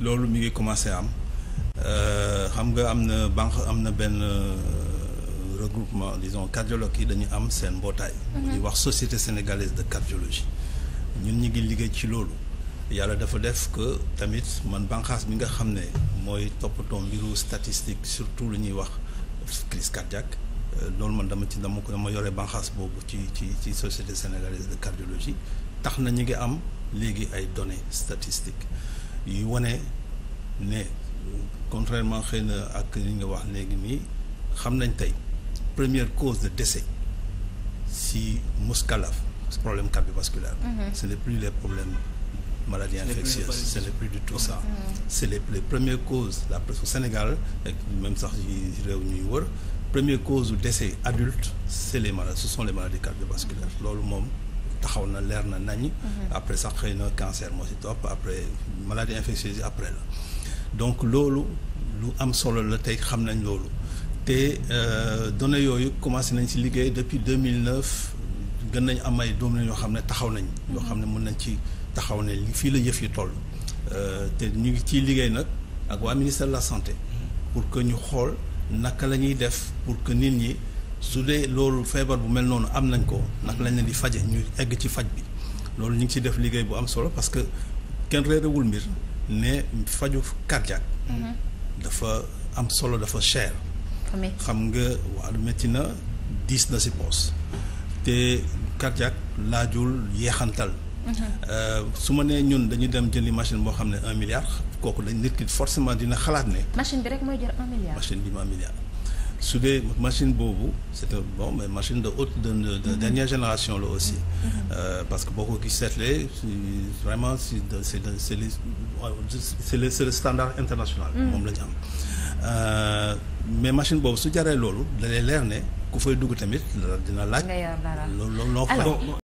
loolu mi ngi commencé am euh, xam nga am na banque am na benn euh, regroupement disons cardiologue yi dañu am seen mbootaay. bu mhm. ñuy wax société sénégalaise de cardiologie ñun ñu ngi liggéey ci loolu. yàlla dafa def ko tamit man banqaas bi nga xam ne mooy toppatoo mbiru statistique surtout lu ñuy wax crise cardiaque euh, loolu man dama ci dama ko dama yore banqaas boobu ci ci ci société sénégalaise de cardiologie tax na ñu ngi am léegi ay données statistique yuy wane ne contrairement xëy na ak li nga wax léegi nii xam nañ tey première cause de décès si muskalaf problème cardiovasculaire mm -hmm. ce n'est plus les problèmes maladies infectieuses ce n'est plus du tout ça mm -hmm. c'est les, les premières causes la presque Sénégal ak même sax yi réew ñuy wër première cause du décès adulte c'est le maladies ce sont les maladies cardiovasculaires loolu moom taxaw na leer na nañ mhm. après sax xëy na cancer moo si topp après maladie infectieuse yi après la donc loolu lu am solo la tey xam nañ loolu te euh, données yooyu commencé nañ si liggéey depuis 2009 gën nañ am ay doom yoo xam ne taxaw nañ mhm. yoo xam ne mën nañ ci taxaw ne fii la yëf yi toll euh, te ñu ngi ciy liggéey nag ak waa ministère de la santé mhm. pour que ñu xool naka la ñuy def pour que nit ñi su dee loolu feebar bu mel noonu am nañ ko nag lañ leen di faje ñu egg ci faj bi loolu ñu ngi ciy def liggéey bu am solo parce que kenn réerewul mbir ne faju cardiaque mm-hmm. dafa am solo dafa cher xam nga waa métti na diis na si poos te cardiaque laajul yeexantal mm-hmm. euh, su ma nee ñun dañu dem jëndi machine boo xam ne un milliard kooku dañ nit ki forcement dina xalaat ne machine bi rek mooy jël un milliard su dee machine boobu c'est un bon machine de haute de, de, de dernière génération la aussi mm-hmm. euh, parce que boo ko gis seetlee vraiment si c'est c'est c'est le c'est le standard international mm. moom la ñu am euh, mais machine boobu su jaree loolu da lay leer ne ku fay dugg tamit dina laaj loolu loo